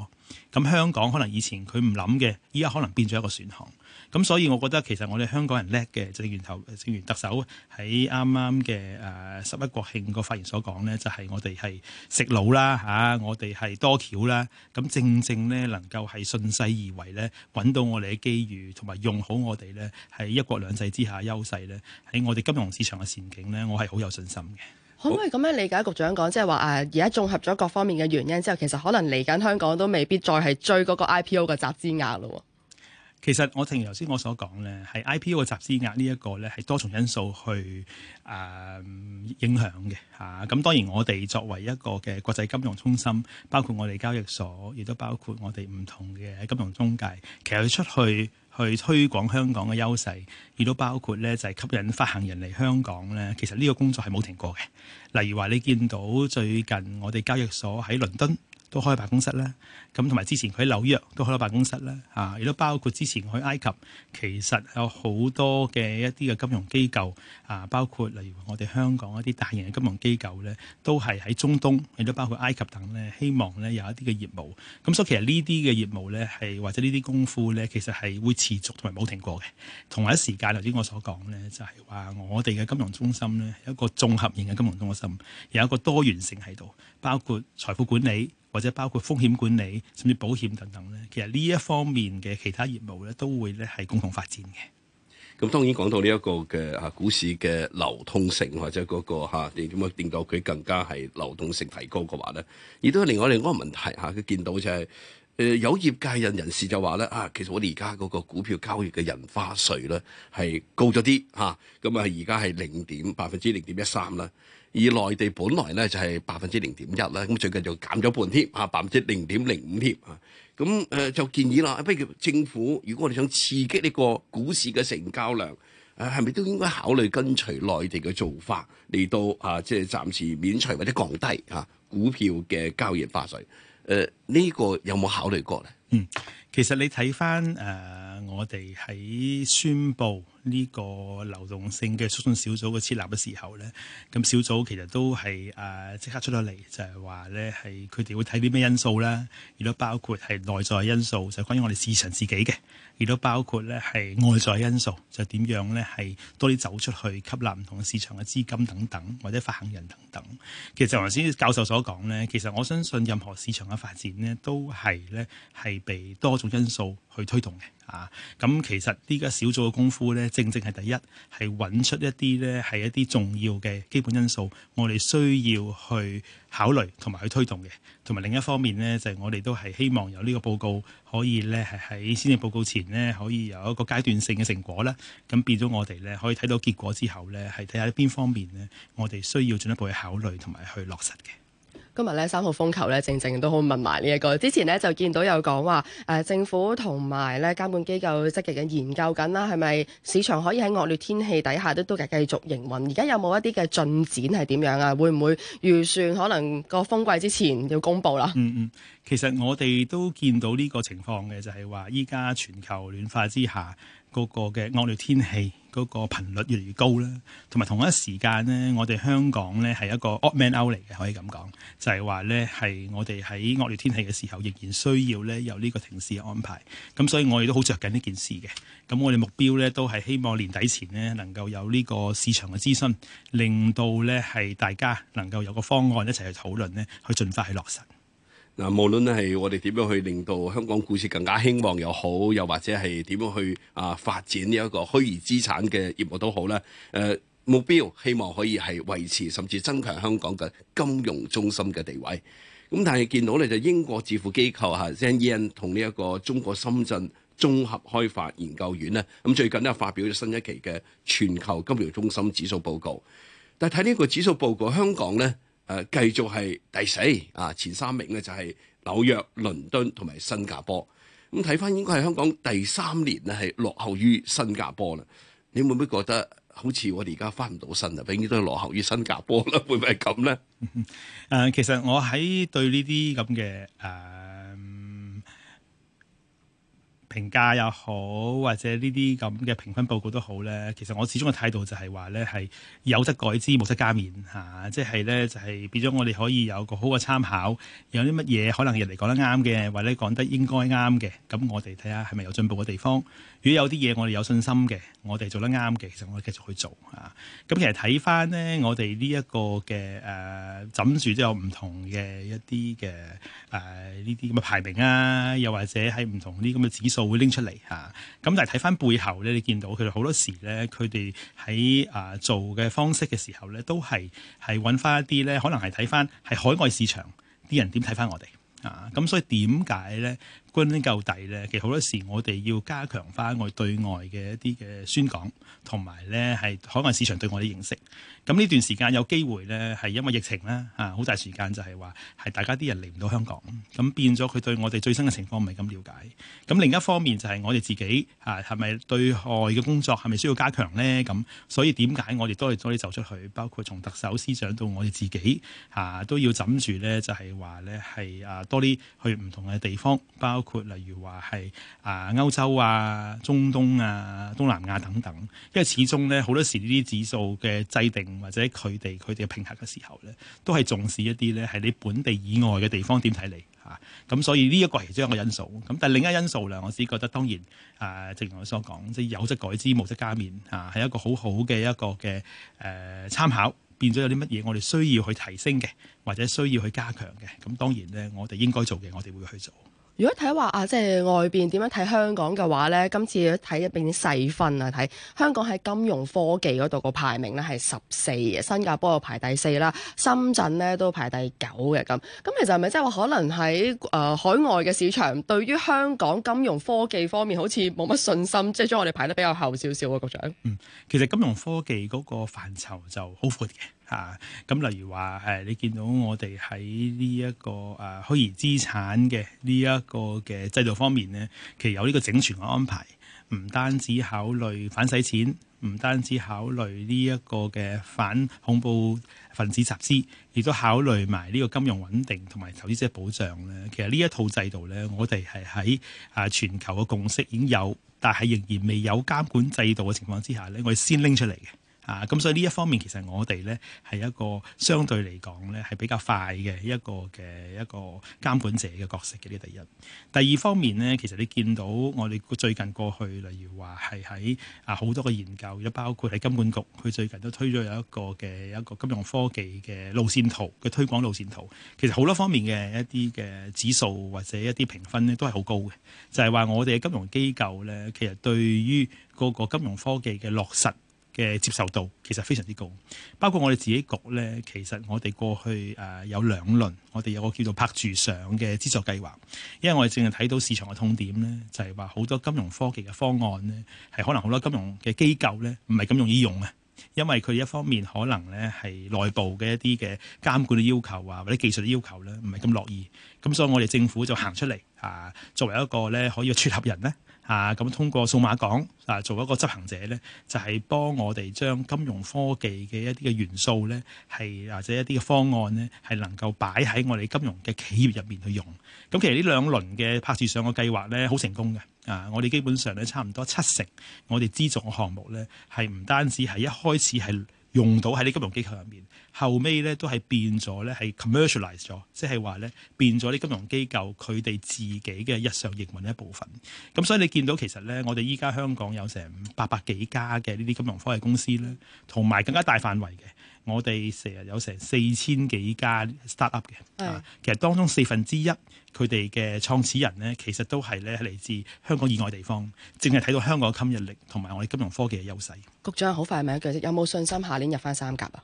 咁香港可能以前佢唔諗嘅，依家可能變咗一個選項。咁、嗯、所以，我覺得其實我哋香港人叻嘅，正源頭，正如特首喺啱啱嘅誒十一國慶個發言所講咧，就係、是、我哋係食腦啦吓，我哋係多橋啦。咁、啊、正正咧，能夠係順勢而為咧，揾到我哋嘅機遇，同埋用好我哋咧，喺一國兩制之下優勢咧，喺我哋金融市場嘅前景咧，我係好有信心嘅。可唔可以咁樣理解？局長講，即係話誒而家綜合咗各方面嘅原因之後，其實可能嚟緊香港都未必再係追嗰個 IPO 嘅集資額咯。其實我聽頭先我所講咧，係 IPO 嘅集資額呢一個咧，係多重因素去誒、呃、影響嘅嚇。咁、啊、當然我哋作為一個嘅國際金融中心，包括我哋交易所，亦都包括我哋唔同嘅金融中介，其實佢出去去推廣香港嘅優勢，亦都包括咧就係、是、吸引發行人嚟香港咧。其實呢個工作係冇停過嘅。例如話你見到最近我哋交易所喺倫敦都開辦公室啦，咁同埋之前佢喺紐約都開咗辦公室啦，嚇、啊，亦都包括之前去埃及，其實有好多嘅一啲嘅金融機構啊，包括例如我哋香港一啲大型嘅金融機構咧，都係喺中東，亦都包括埃及等咧，希望咧有一啲嘅業務。咁所以其實呢啲嘅業務咧，係或者呢啲功夫咧，其實係會持續同埋冇停過嘅。同埋一時間，頭先我所講咧，就係、是、話我哋嘅金融中心咧，一個綜合型嘅金融中心，有一個多元性喺度，包括財富管理。或者包括風險管理，甚至保險等等咧，其實呢一方面嘅其他業務咧，都會咧係共同發展嘅。咁、嗯、當然講到呢一個嘅吓、啊、股市嘅流通性，或者嗰、嗰個嚇點點樣令到佢更加係流動性提高嘅話咧，亦都係另外另一個問題嚇。佢、啊、見到就係、是、誒、呃、有業界人，人士就話咧啊，其實我哋而家嗰個股票交易嘅印花稅咧係高咗啲吓，咁啊而家係零點百分之零點一三啦。嗯而內地本來咧就係百分之零點一啦，咁最近就減咗半添，嚇，百分之零點零五添。啊。咁誒、啊呃、就建議啦，不如政府如果我哋想刺激呢個股市嘅成交量，誒係咪都應該考慮跟隨內地嘅做法嚟到啊，即係暫時免除或者降低嚇、啊、股票嘅交易花稅？誒、啊、呢、呢個有冇考慮過咧？嗯，其實你睇翻誒。呃我哋喺宣布呢個流動性嘅促進小組嘅設立嘅時候咧，咁小組其實都係誒即刻出咗嚟，就係話咧係佢哋會睇啲咩因素啦。亦都包括係內在因素，就關於我哋市場自己嘅；亦都包括咧係外在因素，就點樣咧係多啲走出去吸納唔同嘅市場嘅資金等等，或者發行人等等。其實頭先教授所講咧，其實我相信任何市場嘅發展咧都係咧係被多種因素去推動嘅。啊！咁其實呢個小組嘅功夫呢，正正係第一係揾出一啲呢，係一啲重要嘅基本因素，我哋需要去考慮同埋去推動嘅。同埋另一方面呢，就係我哋都係希望有呢個報告可以呢，係喺施政報告前呢，可以有一個階段性嘅成果啦。咁變咗我哋呢，可以睇到結果之後呢，係睇下邊方面呢，我哋需要進一步去考慮同埋去落實嘅。今日咧三號風球咧，正正都好問埋呢一個。之前咧就見到有講話，誒、呃、政府同埋咧監管機構積極嘅研究緊啦，係咪市場可以喺惡劣天氣底下都都繼續營運？而家有冇一啲嘅進展係點樣啊？會唔會預算可能個風季之前要公佈啦？嗯嗯，其實我哋都見到呢個情況嘅，就係話依家全球暖化之下。嗰個嘅惡劣天氣嗰個頻率越嚟越高啦，同埋同一時間呢，我哋香港呢係一個 odd man out 嚟嘅，可以咁講，就係話呢係我哋喺惡劣天氣嘅時候，仍然需要呢有呢個停市嘅安排。咁所以我哋都好着緊呢件事嘅。咁我哋目標呢都係希望年底前呢能夠有呢個市場嘅諮詢，令到呢係大家能夠有個方案一齊去討論呢，去盡快去落實。嗱，無論咧係我哋點樣去令到香港股市更加興旺又好，又或者係點樣去啊發展呢一個虛擬資產嘅業務都好啦。誒，目標希望可以係維持甚至增強香港嘅金融中心嘅地位。咁但係見到咧，就英國智庫機構 Z/Yen 同呢一個中國深圳綜合開發研究院咧，咁最近咧發表咗新一期嘅全球金融中心指數報告。但係睇呢個指數報告，香港咧。誒、啊、繼續係第四啊，前三名嘅就係紐約、倫敦同埋新加坡。咁睇翻應該係香港第三年咧，係落後於新加坡啦。你會唔會覺得好似我哋而家翻唔到身啊？永遠都係落後於新加坡啦，會唔會係咁呢？誒、嗯，其實我喺對呢啲咁嘅誒。呃評價又好，或者呢啲咁嘅評分報告都好咧，其實我始終嘅態度就係話咧，係有則改之，冇則加勉嚇，啊，即係咧就係變咗我哋可以有個好嘅參考，有啲乜嘢可能人哋講得啱嘅，或者講得應該啱嘅，咁我哋睇下係咪有進步嘅地方。如果有啲嘢我哋有信心嘅，我哋做得啱嘅，其實我哋繼續去做啊。咁其實睇翻咧，我哋呢一個嘅誒枕住都有唔同嘅一啲嘅誒呢啲咁嘅排名啊，又或者喺唔同啲咁嘅指數會拎出嚟嚇。咁、啊、但係睇翻背後咧，你見到佢哋好多時咧，佢哋喺啊做嘅方式嘅時候咧，都係係揾翻一啲咧，可能係睇翻係海外市場啲人點睇翻我哋啊。咁所以點解咧？歸根究底咧，其實好多時我哋要加強翻我對外嘅一啲嘅宣講同埋咧係海外市場對我哋認識，咁呢段時間有機會咧，係因為疫情啦吓，好大時間就係話係大家啲人嚟唔到香港，咁變咗佢對我哋最新嘅情況唔係咁了解。咁另一方面就係我哋自己啊，係咪對外嘅工作係咪需要加強咧？咁所以點解我哋多啲多啲走出去？包括從特首思想到我哋自己啊，都要枕住咧，就係話咧係啊，多啲去唔同嘅地方包。包括例如話係啊，歐洲啊、中東啊、東南亞等等，因為始終咧好多時呢啲指數嘅制定或者佢哋佢哋嘅評核嘅時候咧，都係重視一啲咧係你本地以外嘅地方點睇嚟吓咁，所以呢一個係其中一個因素。咁、啊、但係另一因素咧，我只覺得當然啊，正如我所講，即係有則改之，無則加勉吓，係、啊、一個好好嘅一個嘅誒參考，變咗有啲乜嘢我哋需要去提升嘅，或者需要去加強嘅。咁、啊、當然咧，我哋應該做嘅，我哋會去做。如果睇話啊，即係外邊點樣睇香港嘅話呢，今次睇一邊啲細分啊，睇香港喺金融科技嗰度個排名呢，係十四，新加坡又排第四啦，深圳呢都排第九嘅咁。咁其實係咪即係話可能喺誒、呃、海外嘅市場對於香港金融科技方面好似冇乜信心，即係將我哋排得比較後少少啊，局長？嗯，其實金融科技嗰個範疇就好闊嘅。啊，咁例如話誒、啊，你見到我哋喺呢一個誒虛擬資產嘅呢一個嘅制度方面呢，其實有呢個整全嘅安排，唔單止考慮反洗錢，唔單止考慮呢一個嘅反恐怖分子集資，亦都考慮埋呢個金融穩定同埋投資者保障咧。其實呢一套制度咧，我哋係喺啊全球嘅共識已經有，但係仍然未有監管制度嘅情況之下咧，我哋先拎出嚟嘅。啊，咁所以呢一方面，其實我哋咧係一個相對嚟講咧係比較快嘅一個嘅一個監管者嘅角色嘅呢第一。第二方面呢，其實你見到我哋最近過去，例如話係喺啊好多個研究，亦包括係金管局佢最近都推咗有一個嘅一個金融科技嘅路線圖嘅推廣路線圖。其實好多方面嘅一啲嘅指數或者一啲評分呢都係好高嘅，就係話我哋嘅金融機構咧其實對於嗰個金融科技嘅落實嘅接受度其實非常之高，包括我哋自己局咧，其實我哋過去誒、呃、有兩輪，我哋有個叫做拍住上嘅資助計劃，因為我哋淨係睇到市場嘅痛點咧，就係話好多金融科技嘅方案咧，係可能好多金融嘅機構咧，唔係咁容易用啊，因為佢一方面可能咧係內部嘅一啲嘅監管嘅要求啊，或者技術嘅要求咧，唔係咁樂意，咁所以我哋政府就行出嚟啊，作為一個咧可以嘅撮合人咧。啊，咁通過數碼港啊，做一個執行者咧，就係、是、幫我哋將金融科技嘅一啲嘅元素咧，係或者一啲嘅方案咧，係能夠擺喺我哋金融嘅企業入面去用。咁、啊、其實呢兩輪嘅拍攝上個計劃咧，好成功嘅。啊，我哋基本上咧差唔多七成，我哋資助嘅項目咧，係唔單止係一開始係。用到喺啲金融機構入面，後尾咧都係變咗咧，係 commercialize 咗，即係話咧變咗啲金融機構佢哋自己嘅日常營運一部分。咁所以你見到其實咧，我哋依家香港有成八百幾家嘅呢啲金融科技公司咧，同埋更加大範圍嘅。我哋成日有成四千幾間 startup 嘅，啊，是其實當中四分之一佢哋嘅創始人呢，其實都係咧嚟自香港以外地方，淨係睇到香港嘅吸引力同埋我哋金融科技嘅優勢。局長好快問一句，有冇信心下年入翻三甲啊？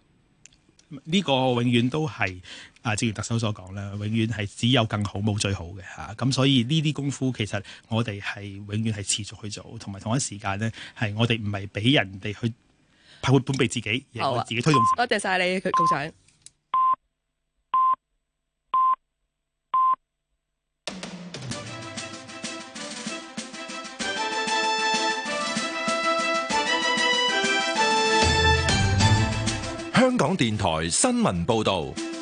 呢個永遠都係啊，正如特首所講啦，永遠係只有更好冇最好嘅嚇。咁所以呢啲功夫其實我哋係永遠係持續去做，同埋同一時間呢，係我哋唔係俾人哋去。派回本俾自己，然、啊、我自己推動。多謝晒你，許局長。香港電台新聞報導。